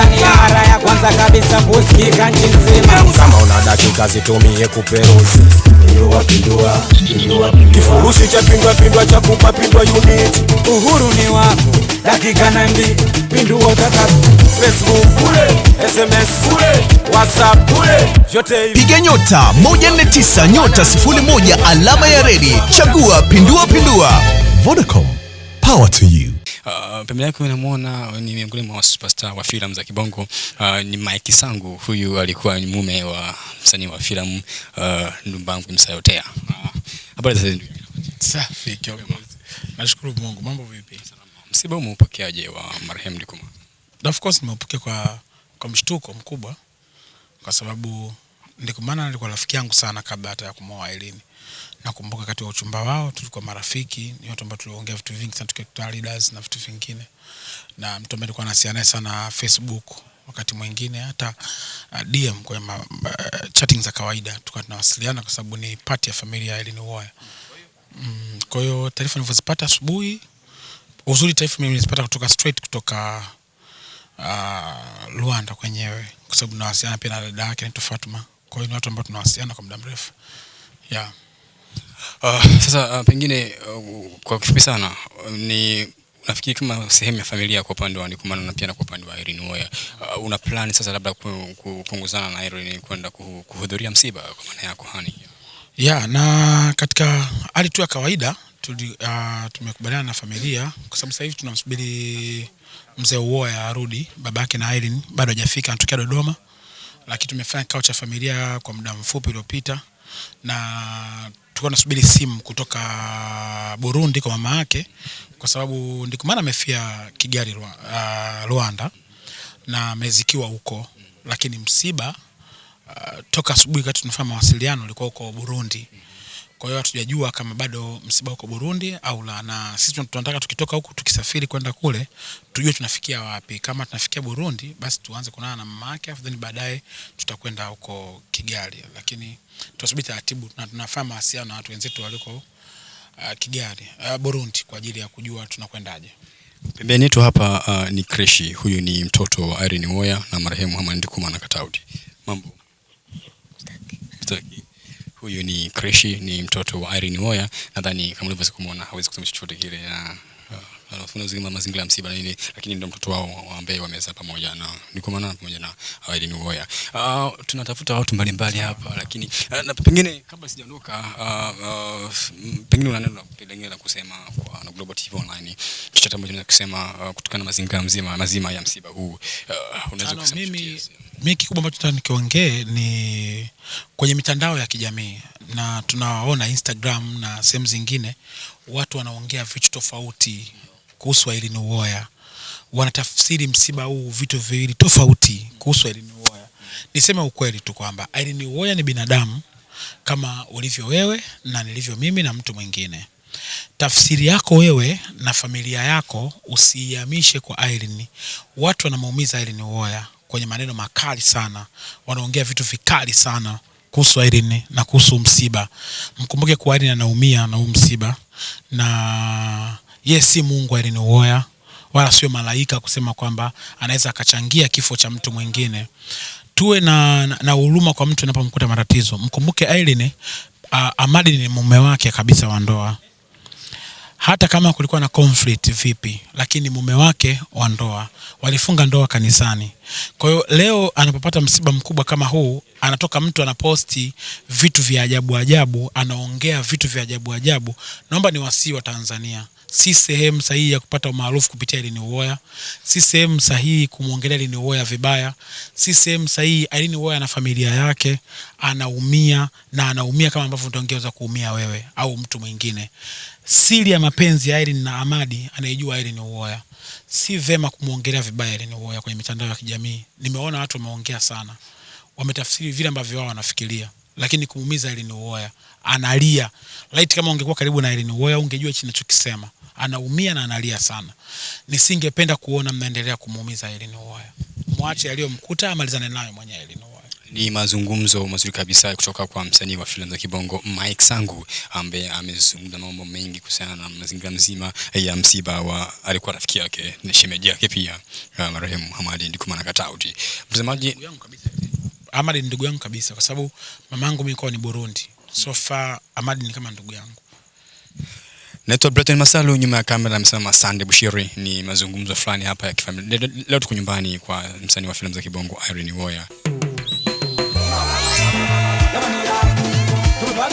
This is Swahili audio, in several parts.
ni mara ya kwanza kabisa kusikika nchi nzima. Kama una dakika zitumie kuperuzi kifurushi cha pindua pindua cha kupa pindua unit. Uhuru ni wako, dakika na mbi pindua taka Facebook bure, SMS bure, WhatsApp bure, yote hivi. Piga nyota moja tisa nyota moja alama ya redi, chagua pindua pindua. Vodacom, power to you pembeni yake unamwona ni miongoni mwa superstar wa filamu za kibongo uh, ni Mike Sangu. Huyu alikuwa ni mume wa msanii wa filamu uh, Ndumbangu Msayotea. Ah, habari za safi, nashukuru Mungu. Mambo vipi? Msiba umeupokeaje wa marehemu Dikuma? Of course nimeupokea kwa, kwa mshtuko mkubwa kwa sababu ndiko maana nilikuwa rafiki yangu sana kabla hata ya kumoa Aileen. Nakumbuka kati wa uchumba wao tulikuwa marafiki, ni watu ambao tuliongea vitu vingi sana tukiwa leaders na vitu vingine. Na mtu ambaye alikuwa anasiana naye sana Facebook, wakati mwingine hata uh, DM kwa ma, uh, chatting za kawaida tulikuwa tunawasiliana kwa sababu ni part ya familia ya Aileen Uwoya. Mm, kwa hiyo taarifa nilizopata asubuhi, uzuri taarifa mimi nilizopata kutoka straight kutoka uh, Luanda kwenyewe kwa sababu nawasiliana pia na dada yake anaitwa Fatuma kwa hiyo ni watu ambao tunawasiliana kwa muda mrefu yeah. Uh, sasa uh, pengine uh, kwa kifupi sana uh, ni unafikiri kama sehemu ya familia kwa upande wa Nikumana na pia na kwa upande wa Irene Uwoya uh, una plan sasa labda kupunguzana na Irene kwenda kuhudhuria msiba kwa maana ya kuhani yeah, na katika hali tu ya kawaida tuli, uh, tumekubaliana na familia kwa sababu sasa hivi tunamsubiri mzee Uwoya arudi, babake na Irene bado hajafika, anatokea Dodoma lakini tumefanya kikao cha familia kwa muda mfupi uliopita, na tulikuwa tunasubiri simu kutoka Burundi kwa mama yake, kwa sababu ndiko maana amefia Kigali, ah, Rwanda na amezikiwa huko, lakini msiba ah, toka asubuhi kati tunafanya mawasiliano ulikuwa huko Burundi. Kwa hiyo hatujajua kama bado msiba uko Burundi au la, na sisi tunataka tukitoka huku tukisafiri kwenda kule tujue tunafikia wapi. Kama tunafikia Burundi, basi tuanze kunana na mama yake, afadhali baadaye tutakwenda huko Kigali, lakini tunasubiri taratibu na tunafanya mawasiliano na watu wenzetu waliko uh, Kigali uh, Burundi kwa ajili ya kujua tunakwendaje. Pembeni yetu hapa uh, ni Kreshi. Huyu ni mtoto wa Irene Uwoya na marehemu Hamadi Ndiguma Nakataudi. Mambo? huyu ni Kreshi, ni mtoto wa Irene Moya. Nadhani kama ulivyoweza kumuona hawezi kusema chochote kile na wanafunzi uh, uh, mazingira ya msiba nini, lakini ndio mtoto wao ambaye wamezaa pamoja na niko maana pamoja na ni Moya. Uh, tunatafuta watu mbalimbali hapa lakini uh, na pengine kabla sijaondoka uh, uh, pengine una neno pengine la kusema kwa na Global TV Online chochote ambacho unaweza kusema uh, kutokana na mazingira mzima mazima ya msiba huu uh, unaweza kusema mimi mi kikubwa ambacho ta nikiongee ni kwenye mitandao ya kijamii na tunawaona instagram na sehemu zingine watu wanaongea vitu tofauti kuhusu ailini uoya wanatafsiri msiba huu vitu viwili tofauti kuhusu ailini uoya niseme ukweli tu kwamba ailini uoya ni binadamu kama ulivyo wewe na nilivyo mimi na mtu mwingine tafsiri yako wewe na familia yako usiihamishe kwa Irene. Watu wanamuumiza Irene uoya kwenye maneno makali sana, wanaongea vitu vikali sana kuhusu Irene na kuhusu msiba. Mkumbuke kuwa Irene anaumia na huu msiba, na yeye si Mungu Irene Uwoya, wala sio malaika kusema kwamba anaweza akachangia kifo cha mtu mwingine. Tuwe na, na huruma kwa mtu anapomkuta matatizo. Mkumbuke Irene Amadi ni mume wake kabisa wa ndoa, hata kama kulikuwa na conflict vipi, lakini mume wake wa ndoa, walifunga ndoa kanisani. Kwa hiyo leo anapopata msiba mkubwa kama huu, anatoka mtu anaposti vitu vya ajabu ajabu, anaongea vitu vya ajabu ajabu. Naomba ni wasii wa Tanzania, si sehemu sahihi ya kupata umaarufu kupitia Irene Uwoya, si sehemu sahihi kumwongelea Irene Uwoya vibaya, si sehemu sahihi. Irene Uwoya na familia yake anaumia na anaumia kama ambavyo utaongeza kuumia wewe au mtu mwingine. Siri ya mapenzi ya Irene na Amadi anaijua Irene Uwoya si vema kumwongelea vibaya Irene Uwoya kwenye mitandao ya kijamii. Nimeona watu wameongea sana, wametafsiri vile ambavyo wao wanafikiria, lakini kumuumiza Irene Uwoya. Analia laiti kama ungekuwa karibu na Irene Uwoya ungejua ninachokisema, Anaumia na analia sana. Nisingependa kuona mnaendelea kumuumiza Irene Uwoya. Mwache aliyomkuta amalizane nayo mwenyewe Irene ni mazungumzo mazuri kabisa kutoka kwa msanii wa filamu za kibongo Mike Sangu ambaye amezungumza mambo mengi kuhusiana na mazingira mzima ya msiba wa alikuwa rafiki yake na shemeji yake pia ah, marehemu Hamadi Ndikumana Katauti. Mtazamaji, Hamadi ni ndugu yangu kabisa kwa sababu mamangu mikoa ni Burundi. So far Hamadi ni kama ndugu yangu. Naitwa Breton Masalu, nyuma ya kamera amesema Sande Bushiri. Ni mazungumzo fulani hapa ya kifamilia. Leo tuko nyumbani kwa msanii wa filamu za kibongo Irene Woya.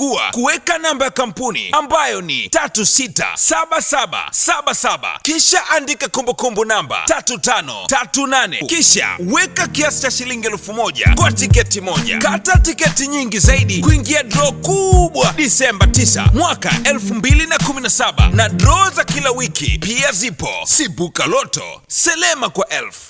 chagua kuweka namba ya kampuni ambayo ni 367777 kisha andika kumbukumbu namba 3538 kisha weka kiasi cha shilingi elfu moja kwa tiketi moja. Kata tiketi nyingi zaidi kuingia draw kubwa Disemba 9 mwaka 2017 na draw za kila wiki pia zipo. Sibuka Loto, selema kwa elfu.